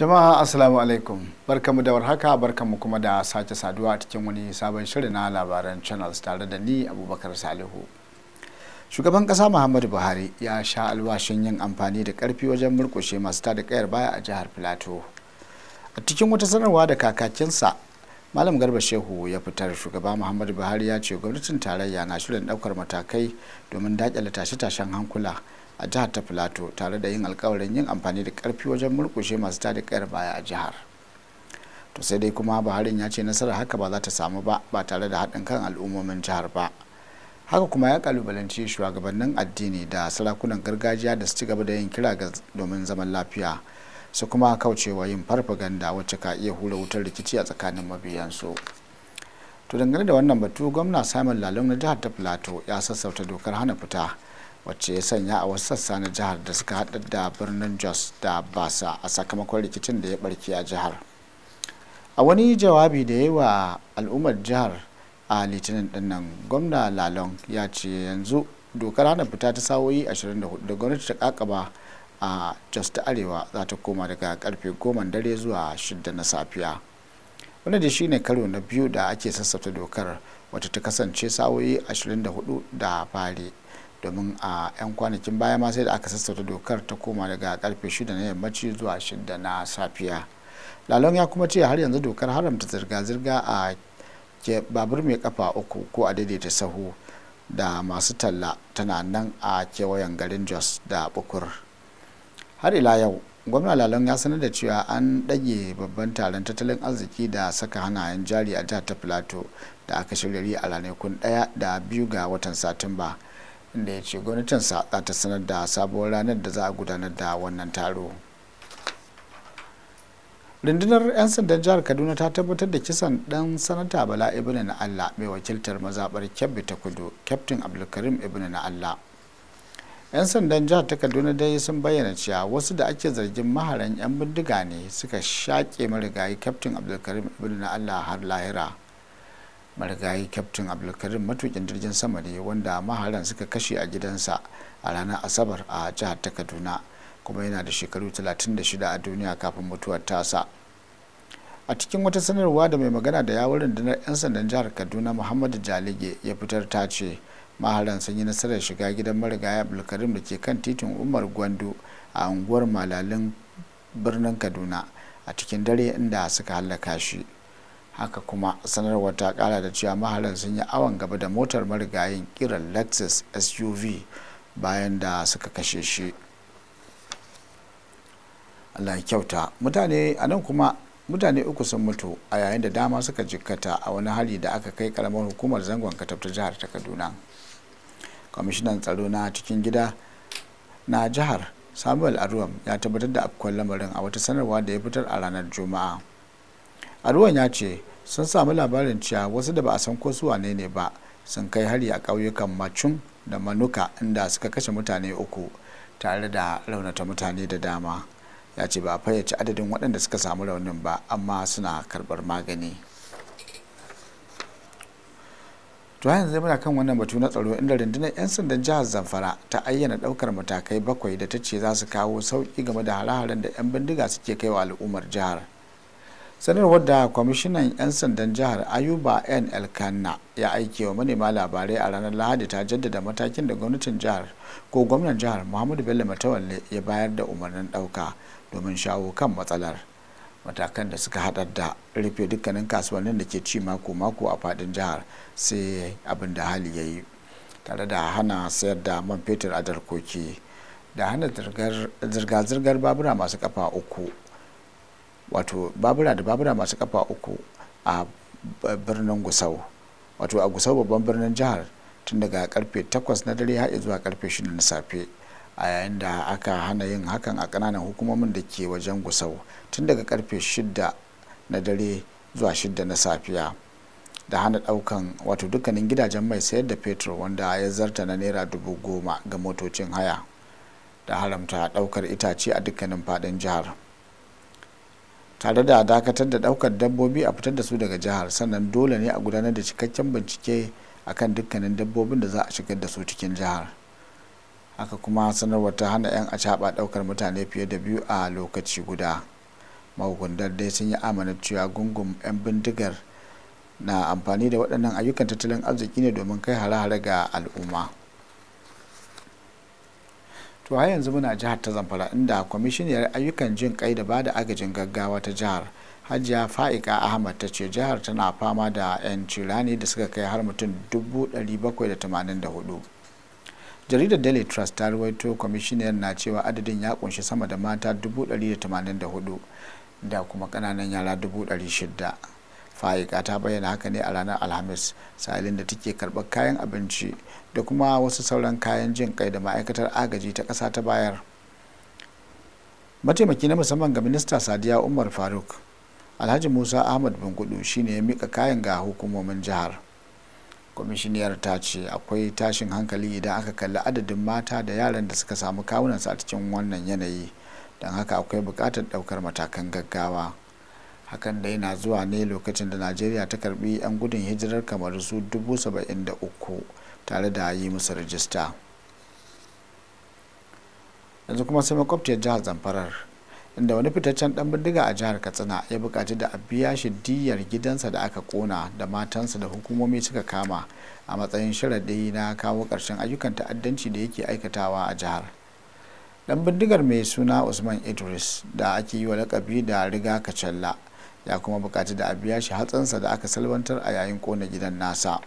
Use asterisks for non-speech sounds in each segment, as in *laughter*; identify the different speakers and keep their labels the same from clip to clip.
Speaker 1: jama'a assalamu alaikum barkamu haka warhaka mu kuma da sake saduwa a cikin wani sabon shirin na labaran channels tare da ni abubakar salihu shugaban kasa muhammadu buhari ya sha alwashin yin amfani da karfi wajen murkushe masu tada kayar baya a jihar plateau a cikin wata sanarwa da kakakinsa malam garba shehu ya fitar shugaba muhammadu buhari ya ce gwamnatin tarayya na shirin daukar matakai domin dakile tashe-tashen hankula a jihar ta filato tare da yin alkawarin yin amfani da karfi wajen murkushe masu tada kayar baya a jihar to sai dai kuma buharin ya ce nasarar haka ba za ta samu ba ba tare da haɗin kan al'ummomin jihar ba haka kuma ya kalubalanci shugabannin addini da sarakunan gargajiya da su ci gaba da yin kira ga domin zaman lafiya su kuma kaucewa yin farfaganda wacce ka iya hura wutar rikici a tsakanin mabiyansu to dangane da wannan batu gwamna simon lalong na jihar ta plateau ya sassauta dokar hana fita wacce ya sanya a wasu sassa na jihar da suka haɗa da birnin jos da basa a sakamakon rikicin da ya barke a jihar a wani jawabi da ya yi wa al'ummar jihar a litinin dinnan gwamna lalong ya ce yanzu dokar hana fita ta sawoyi 24 da gwamnati ta kakaba a jos ta arewa za ta koma daga karfe 10 dare zuwa 6 na safiya wanda da shi ne karo na biyu da ake sassafta dokar wata ta kasance sawoyi 24 da fari domin a 'yan kwanakin baya ma sai da aka sassauta dokar ta koma daga karfe 6 na yammaci zuwa 6 na safiya lalon ya kuma ce har yanzu dokar haramta zirga-zirga a babur mai kafa uku ko a daidaita sahu da masu talla tana nan a kewayen garin jos da bukur har ila yau gwamna lalon ya sanar da cewa an ɗage babban taron tattalin arziki da saka hannayen jari a jihar ta plateau da aka shirya a ranakun 1 da biyu ga watan satumba inda ya ce gwamnatin za ta sanar da sabuwar ranar da za a gudanar da wannan taro rundunar 'yan sandan jihar kaduna ta tabbatar da kisan dan sanata bala ibn na allah mai wakiltar mazabar kebbi ta kudu kyaftin abdulkarim ibn na allah 'yan sandan jihar ta kaduna dai sun bayyana cewa wasu da ake zargin maharan 'yan bindiga ne suka shaƙe marigayi kyaftin abdulkarim ibn na allah har lahira marigayi kyaftin abdulkarim matukin jirgin sama ne wanda maharan suka kashe a gidansa a ranar asabar a jihar ta kaduna kuma yana da shekaru 36 a duniya kafin mutuwar tasa a cikin wata sanarwa da mai magana da yawon rundunar 'yan sandan jihar kaduna muhammadu jalige ya fitar ta ce maharan sun yi nasarar shiga gidan marigayi abdulkarim da ke kan titin umar gwandu a unguwar malalin birnin kaduna a cikin dare inda suka hallaka shi haka kuma sanarwar ta kara da cewa mahalar sun yi awon gaba da motar marigayin kiran lexus suv bayan da suka kashe shi allah kyauta mutane a nan kuma mutane uku sun mutu a yayin da dama suka jikkata a wani hali da aka kai karamar hukumar zangon katab jihar ta kaduna kwamishinan tsaro na cikin gida na jihar samuel aruwam ya tabbatar da afkuwar lamarin a wata sanarwa da ya fitar a ranar juma'a aruwan ya ce sun samu labarin cewa wasu da ba a san ko su wane ne ba sun kai hari a ƙauyukan macun da manuka inda suka kashe mutane uku tare da raunata mutane da dama ya ce ba a fayyace adadin waɗanda suka samu raunin ba amma suna karɓar magani to yanzu muna kan wannan batu na tsaro inda rundunar 'yan sandan jihar zamfara ta ayyana ɗaukar matakai bakwai da ta ce za su kawo sauƙi game da hare-haren da 'yan bindiga suke kai wa al'ummar jihar sanarwar da kwamishinan 'yan sandan jihar ayuba n elkanna ya aike wa manema labarai a ranar lahadi ta jaddada matakin da gwamnatin jihar ko gwamnan jihar muhammadu bello matawalle ya bayar da umarnin dauka domin shawo kan matsalar matakan da suka haɗar da rufe dukkanin kasuwannin da ke ci mako-mako a fadin jihar sai abin da hali ya yi tare da hana sayar da man fetur a darkoki da hana zirga-zirgar babura masu kafa uku wato babura da babura masu kafa uku a birnin gusau wato a gusau babban birnin jihar tun daga karfe 8 na dare har zuwa karfe 6 na safe a yayin da aka hana yin hakan a kananan hukumomin da ke wajen gusau tun daga karfe 6 na dare zuwa 6 na safiya da hana daukan wato dukkanin gidajen mai sayar da fetur wanda ya zarta na naira dubu goma ga motocin haya da haramta daukar itace a dukkanin fadin jihar tare da dakatar da daukar dabbobi a fitar da su daga jihar sannan dole ne a gudanar da cikakken bincike akan dukkanin dabbobin da za a shigar da su cikin jihar haka kuma sanarwar ta hana 'yan acaɓa daukar mutane fiye da biyu a lokaci guda mahukundar dai sun yi amana cewa gungun 'yan bindigar na amfani da waɗannan ayyukan tattalin arziki ne domin kai hare-hare ga al'umma to a yanzu muna jihar ta zamfara inda kwamishiniyar ayyukan jin kai da bada agajin gaggawa ta jihar hajiya fa'ika ahmad ta ce jihar tana fama da 'yan cirani da suka kai har mutum 784 jaridar daily trust ta ruwaito kwamishiniyar na cewa adadin ya kunshi sama da mata 184 da kuma kananan yara 600 fayika ta bayyana haka ne a ranar alhamis salin da take karɓar kayan abinci da kuma wasu sauran kayan jin kai da ma'aikatar agaji ta ƙasa ta bayar mataimaki na musamman ga minista sadiya umar faruk alhaji musa ahmad bungudu shine ya mika kayan ga hukumomin jihar kwamishiniyar ta ce akwai tashin hankali idan aka kalli adadin mata da yaran da suka samu kawunansu a cikin wannan yanayi don haka akwai bukatar ɗaukar matakan gaggawa hakan da yana zuwa ne lokacin da najeriya ta karbi 'yan gudun hijirar kamar su 73,000 tare da yi musu rajista yanzu kuma sai makwabciyar jihar zamfarar inda wani fitaccen dan bindiga a jihar katsina ya bukaci da a biya shi diyar gidansa da aka kona da matansa da hukumomi suka kama a matsayin sharaɗi na kawo ƙarshen ayyukan ta'addanci da yake aikatawa a jihar dan bindigar mai suna usman idris da ake yi wa lakabi da riga kacalla ya kuma bukaci da a biya shi hatsansa da aka salwantar a yayin kona gidan nasa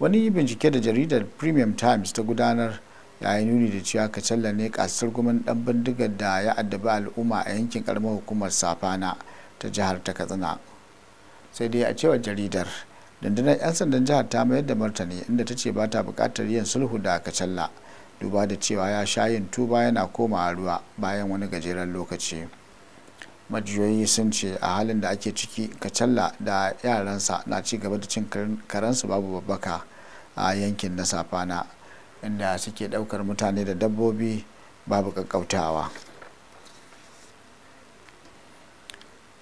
Speaker 1: wani bincike da jaridar premium times ta gudanar ya yi nuni da cewa kacalla ne kasar gumin dan bindigar da ya addabi al'umma a yankin karamar hukumar safana ta jihar ta katsina sai dai a cewar jaridar dandanar 'yan sandan jihar ta mayar da martani inda ta ce ba ta bukatar yin sulhu da kacalla duba da cewa ya sha yin tuba yana komawa ruwa bayan wani gajeren lokaci majiyoyi sun ce a halin da ake ciki kacalla da yaransa na ci gaba da cin karensu babu babbaka a yankin na safana inda suke daukar mutane da dabbobi babu kakkautawa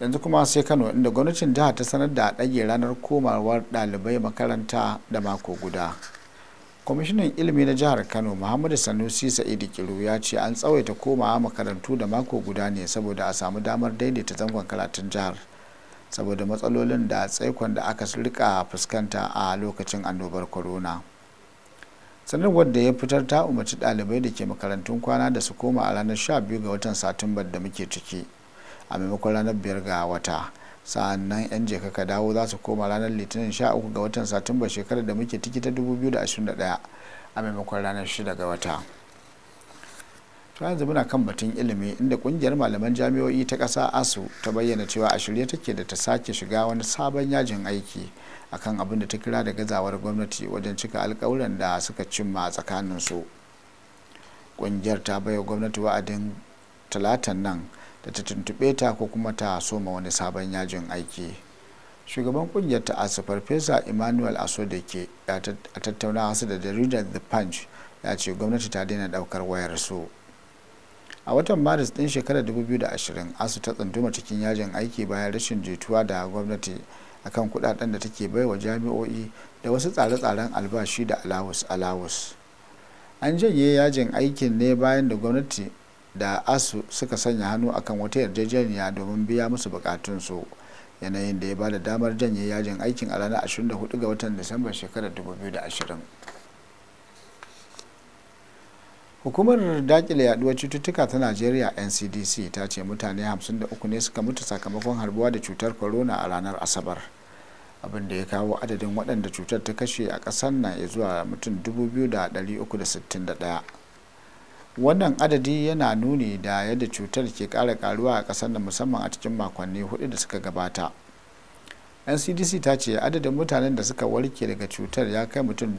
Speaker 1: yanzu kuma sai kano inda gwamnatin jihar ta sanar da ɗage ranar komawar ɗalibai makaranta da mako guda kwamishinan ilimi na jihar kano muhammadu sanusi sa'idu kiru ya ce an tsawaita komawa makarantu da mako guda ne saboda a samu damar daidaita zangon karatun jihar saboda matsalolin da tsaikon da aka rika fuskanta a lokacin annobar corona sanarwar da ya fitar ta umarci dalibai da ke makarantun kwana da su koma a ranar 12 ga watan satumbar da muke ciki a maimakon ranar 5 ga wata sa'annan yan jeka ka dawo za su koma ranar litinin 13 ga watan satumba shekarar da muke ciki ta 2021 a maimakon ranar 6 ga wata to yanzu muna kan batun ilimi inda kungiyar malaman jami'o'i ta ƙasa asu ta bayyana cewa a shirye take da ta sake shiga wani sabon yajin aiki akan abin da ta kira da gazawar gwamnati wajen cika alkawuran da suka cimma a tsakaninsu kungiyar ta baiwa gwamnati wa'adin talatan nan da ta tuntube ta ko kuma ta soma wani sabon yajin aiki shugaban kungiyar ta asu farfesa emmanuel aso da ke a tattauna su da jaridar the punch ya ce gwamnati ta daina daukar wayar su a watan maris din shekarar 2020 asu ta tsunduma cikin yajin aiki bayan rashin jituwa da gwamnati akan kudaden da take baiwa jami'o'i da wasu tsare-tsaren albashi da alawus alawus an janye yajin aikin ne bayan da gwamnati da asu suka sanya hannu akan wata yarjejeniya domin biya musu bukatunsu yanayin da ya ba da damar janye yajin aikin a ranar 24 ga watan disambar shekarar 2020 hukumar dakile yaduwar cututtuka ta najeriya ncdc ta ce mutane 53 ne suka mutu sakamakon harbuwa da cutar corona a ranar asabar abin da ya kawo adadin waɗanda cutar ta kashe a ƙasar nan ya zuwa mutum 2361 wannan adadi yana nuni da yadda cutar ke kara karuwa a kasar da musamman a cikin makonni hudu da suka gabata ncdc ta ce adadin mutanen da suka warke daga cutar ya kai mutum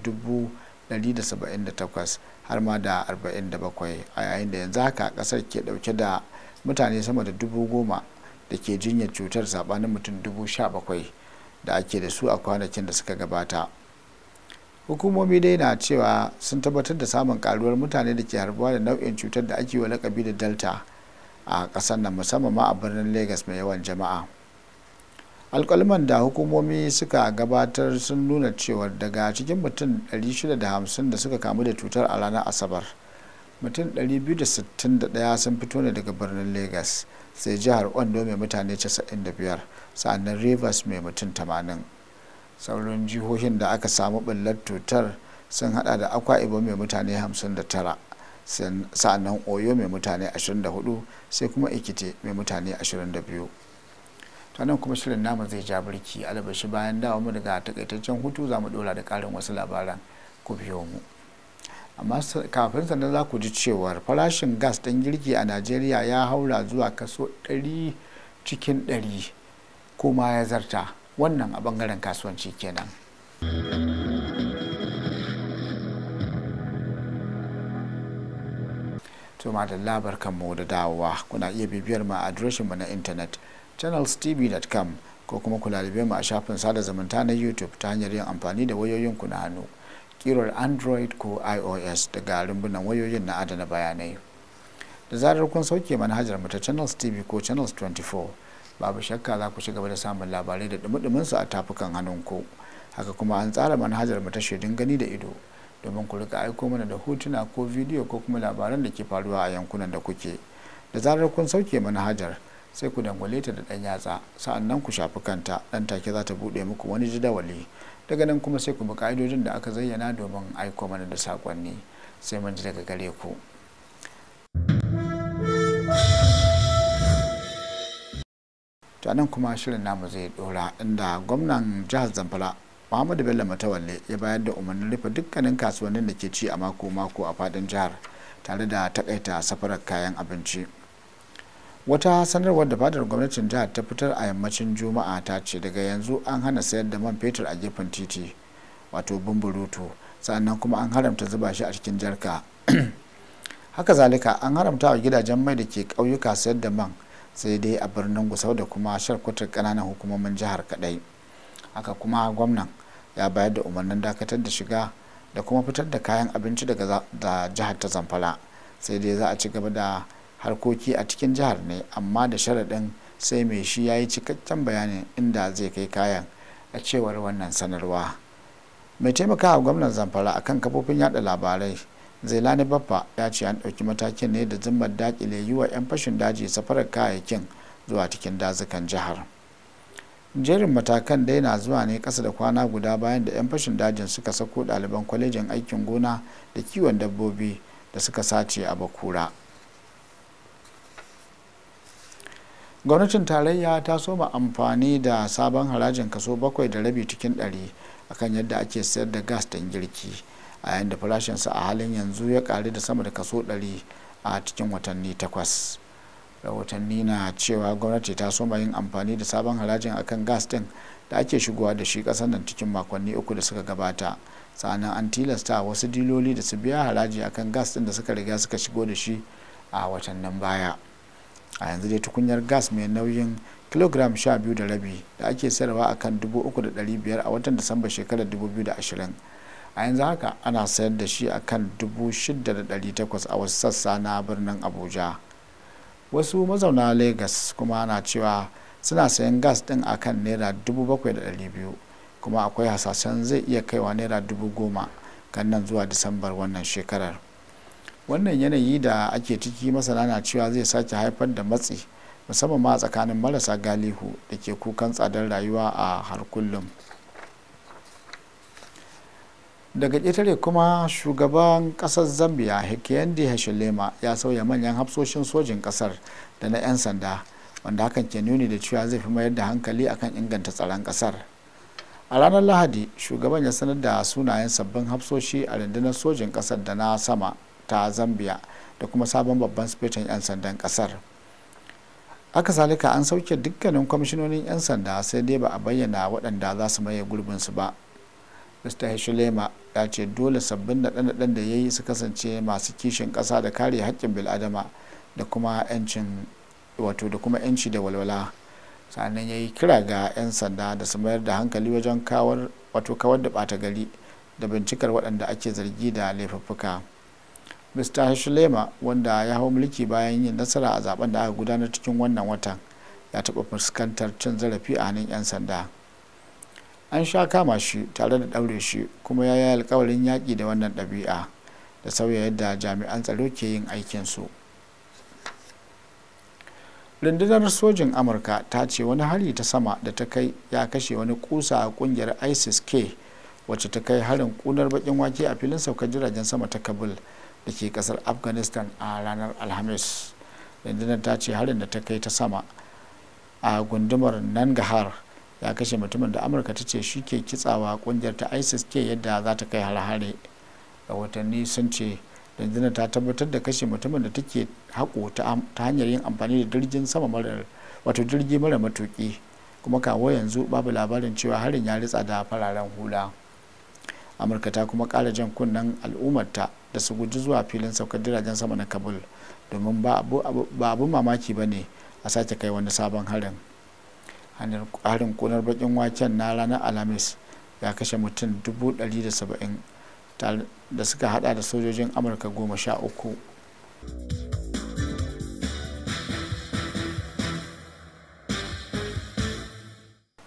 Speaker 1: 178 har ma da 47 a yayin da yanzu haka kasar ke dauke da mutane sama da dubu goma da ke jinyar cutar saɓanin mutum dubu da ake da su a kwanakin da suka gabata hukumomi dai na cewa sun tabbatar da samun karuwar mutane da ke harbuwa da nau'in cutar da ake wa lakabi da delta a kasar nan musamman ma a birnin lagos mai yawan jama'a alkalman da hukumomi suka gabatar sun nuna cewa daga cikin mutum 650 da suka kamu da cutar a ranar asabar mutum 261 sun fito ne daga birnin lagos sai jihar ondo mai mutane 95 sa'annan rivers mai mutum 80 sauran jihohin da aka samu ɓullar cutar sun hada da akwa ibo mai mutane 59 sannan oyo mai mutane 24 sai kuma ikite mai mutane 22 nan kuma shirin namu zai ja birki alabashi bayan dawo mu daga takaitaccen hutu za mu dora da karin wasu labaran ku biyo mu amma kafin sannan za ku ji cewar farashin gas ɗin girki a najeriya ya haura zuwa kaso 100 cikin 100 kuma ya zarta wannan a bangaren kasuwanci kenan. tuma da labar kanmu da dawowa kuna iya bibiyar mu a mu na intanet channelstv.com ko kuma ku da mu a shafin sada zumunta na youtube ta hanyar yin amfani da wayoyin na hannu kirar android ko ios daga rumbunan wayoyin na adana bayanai da zarar kun sauke manhajar mu ta channels tv ko channels 24 babu shakka za ku ci gaba da samun labarai da dumi su a tafukan hannunku haka kuma an tsara manhajar mu ta shaidun gani da ido domin ku rika aiko mana da hotuna ko bidiyo ko kuma labaran da ke faruwa a yankunan da kuke da zarar kun sauke manhajar sai ku dangwale ta da ɗan yatsa sa'an nan ku shafi kanta ɗan take za ta buɗe muku wani jadawali daga nan kuma sai ku bi ka'idojin da aka zayyana domin aiko mana da sakonni sai mun ji daga gare ku to nan kuma shirin namu zai dora inda gwamnan jihar zamfara muhammadu bello matawalle ya bayar da umarnin rufe dukkanin kasuwannin da ke ci a mako mako a fadin jihar tare da takaita safarar kayan abinci wata sanarwar da fadar gwamnatin jihar ta fitar a yammacin juma'a ta ce daga yanzu an hana sayar da man fetur a gefen titi wato bumburutu sannan kuma an haramta zuba shi a cikin jarka *clears throat* haka zalika an haramta wa gidajen mai da ke ƙauyuka sayar da man sai dai a birnin gusau da kuma sharkutar kananan hukumomin jihar kadai haka kuma gwamnan ya bayar da umarnin dakatar da shiga da kuma fitar da kayan abinci daga da jihar ta zamfara sai dai za a ci gaba da harkoki a cikin jihar ne amma da sharaɗin sai mai shi ya yi cikakken bayanin inda zai kai kayan a cewar wannan sanarwa mai taimakawa gwamnan zamfara akan kafofin yada labarai zailani baffa ya ce an ɗauki matakin ne da zimmar dakile yi wa 'yan fashin daji safarar kayayyakin zuwa cikin dazukan jihar jerin matakan dai na zuwa ne ƙasa da kwana guda bayan da 'yan fashin dajin suka sako ɗaliban kwalejin aikin gona da kiwon dabbobi da suka sace a bakura gwamnatin tarayya ta soma amfani da sabon harajin kaso bakwai da rabi cikin ɗari akan yadda ake sayar da gas don girki a yayin farashinsa a halin yanzu ya karu da sama da kaso 100 a cikin watanni takwas rahotanni na cewa gwamnati ta soma yin amfani da sabon harajin akan gas din da ake shigowa da shi kasar nan cikin makonni uku da suka gabata sannan an tilasta wasu diloli da su biya haraji akan gas din da suka riga suka shigo da shi a watannin baya a yanzu dai tukunyar gas mai nauyin kilogram biyu da rabi da ake sayarwa akan biyar a watan disamba shekarar dubu da ashirin a yanzu haka ana sayar da shi a kan 6,800 a wasu sassa na birnin abuja wasu mazauna lagos kuma ana cewa suna sayan gas din a kan naira 7,200 kuma akwai hasashen zai iya kaiwa naira 10,000 kan nan zuwa disambar wannan shekarar wannan yanayi da ake ciki masana na cewa zai sake haifar da matsi musamman ma tsakanin marasa galihu da ke kukan tsadar rayuwa a har kullum daga ƙetare kuma shugaban ƙasar zambia hikendi hashilema ya sauya manyan hafsoshin sojin ƙasar da na 'yan sanda wanda hakan ke nuni da cewa zai fi mayar da hankali akan inganta tsaron ƙasar a ranar lahadi shugaban ya sanar da sunayen sabbin hafsoshi a rundunar sojin ƙasar da na sama ta zambia da kuma sabon babban sifetin 'yan sandan ƙasar haka salika an sauke dukkanin kwamishinonin 'yan sanda sai dai ba a bayyana waɗanda za su maye gurbinsu ba mr heshulema ya ce dole sabbin naɗe-naɗen da ya yi su kasance masu kishin ƙasa da kare haƙƙin bil'adama da kuma 'yancin wato da kuma 'yanci da walwala sannan ya yi kira ga 'yan sanda da su mayar da hankali wajen kawar wato kawar da ɓata gari da bincikar waɗanda ake zargi da laifuffuka mr heshulema wanda ya hau mulki bayan yin nasara a zaben da aka gudanar cikin wannan watan ya taɓa fuskantar cin zarafi a hannun 'yan sanda an sha kama shi tare da ɗaure shi kuma ya yi alkawarin yaƙi da wannan ɗabi'a da sauya yadda jami'an tsaro ke yin aikin su. rundunar sojin amurka ta ce wani hari ta sama da ta kai ya kashe wani kusa a kungiyar isis k wacce ta kai harin kunar bakin wake a filin saukar jiragen sama ta kabul da ke kasar afghanistan a ranar alhamis rundunar ta ce harin da ta kai ta sama a gundumar nangahar ya kashe mutumin da amurka ta ce shi ke kitsawa kungiyar ta isis ke yadda za ta kai harhare hare watanni sun ce rundunar ta tabbatar da kashe mutumin da take haƙo ta hanyar yin amfani da jirgin sama wato jirgi mara matuki kuma kawo yanzu babu labarin cewa harin ya ritsa da fararen hula amurka ta kuma kara jan kunnen al'ummarta da su guji zuwa filin saukar jiragen sama na kabul domin ba abu mamaki ba ne a sake kai wani sabon harin harin kunar bakin waken na ranar alhamis ya kashe mutum 170 da suka hada da sojojin amurka 13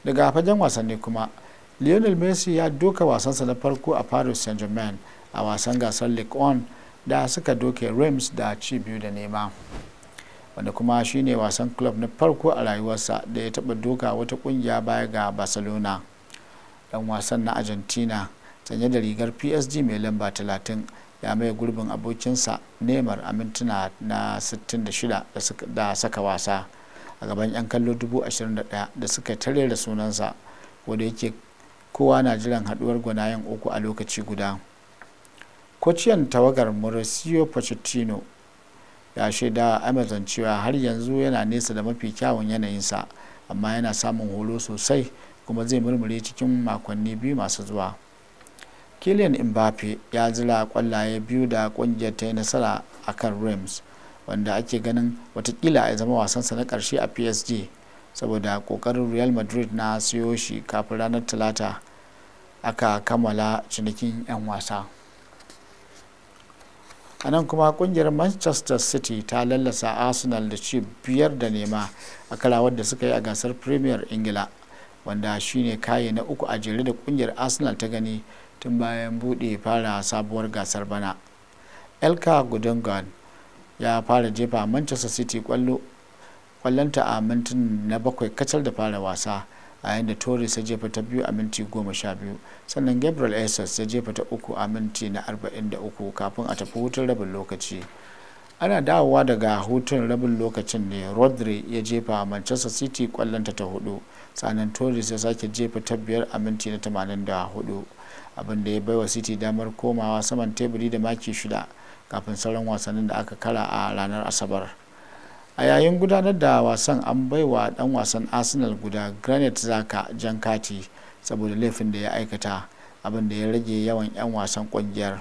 Speaker 1: daga fagen wasanni kuma lionel messi ya doka wasansa na farko a paris saint-germain a wasan gasar ligue 1 da suka doke reims da ci biyu da nema wanda kuma shine wasan club na farko a rayuwarsa da ya taba doka wata kungiya baya ga barcelona dan wasan na argentina sanye da rigar psg mai lamba 30 ya mai gurbin abokinsa neymar a mintuna na 66 da saka wasa a gaban 'yan kallo 21,000 da suka tare da sunansa wanda yake kowa na jiran haduwar gwanayen uku a lokaci guda kwaciyar tawagar mauricio pochettino ya shaida amazon cewa har yanzu yana nesa da mafi kyawun yanayinsa amma yana samun horo sosai kuma zai murmure cikin makonni biyu masu zuwa kilian mbappe ya zira kwallaye biyu da kungiyar ta yi nasara a kan rams wanda ake ganin watakila ya zama wasansa na karshe a psg saboda kokarin real madrid na siyo shi kafin ranar talata aka kammala cinikin 'yan wasa a nan kuma kungiyar manchester city ta lallasa arsenal da ci biyar da nema a karawar da suka yi a gasar premier ingila wanda shine kaye na uku a jere da kungiyar arsenal ta gani tun bayan bude fara sabuwar gasar bana elka gudungan ya fara jefa manchester city kwallonta a mintin na bakwai kacal da fara wasa a da torres ya jefa ta biyu a minti goma sha biyu sannan gabriel essex ya jefa ta uku a minti na arba'in da uku kafin a tafi hutun rabin lokaci ana dawowa daga hutun rabin lokacin ne rodri ya jefa a manchester city kwallonta ta hudu sannan torres ya sake jefa ta biyar a minti na 84 abinda ya baiwa city damar komawa saman teburi da maki shida kafin sauran wasannin da aka kara a ranar asabar a yayin gudanar da wasan an baiwa dan wasan arsenal guda granit zaka jan kati saboda laifin da ya aikata abin da ya rage yawan 'yan wasan kungiyar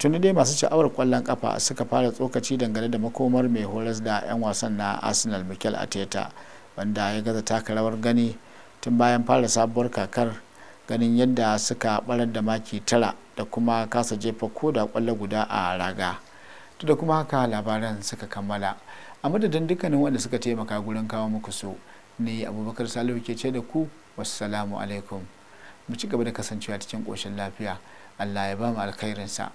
Speaker 1: tuni dai masu sha'awar kwallon kafa suka fara tsokaci dangane da makomar mai horas da 'yan wasan na arsenal mikel ateta wanda ya gaza taka rawar gani tun bayan fara sabuwar kakar ganin yadda suka barar da maki tara da kuma kasa jefa ko da kwallo guda a raga to da kuma haka labaran suka kammala a madadin dukkanin wanda suka taimaka gurin kawo muku su ne abubakar salihu ke ce da ku wassalamu alaikum mu ci gaba da kasancewa cikin koshin lafiya allah ya ba mu alkhairinsa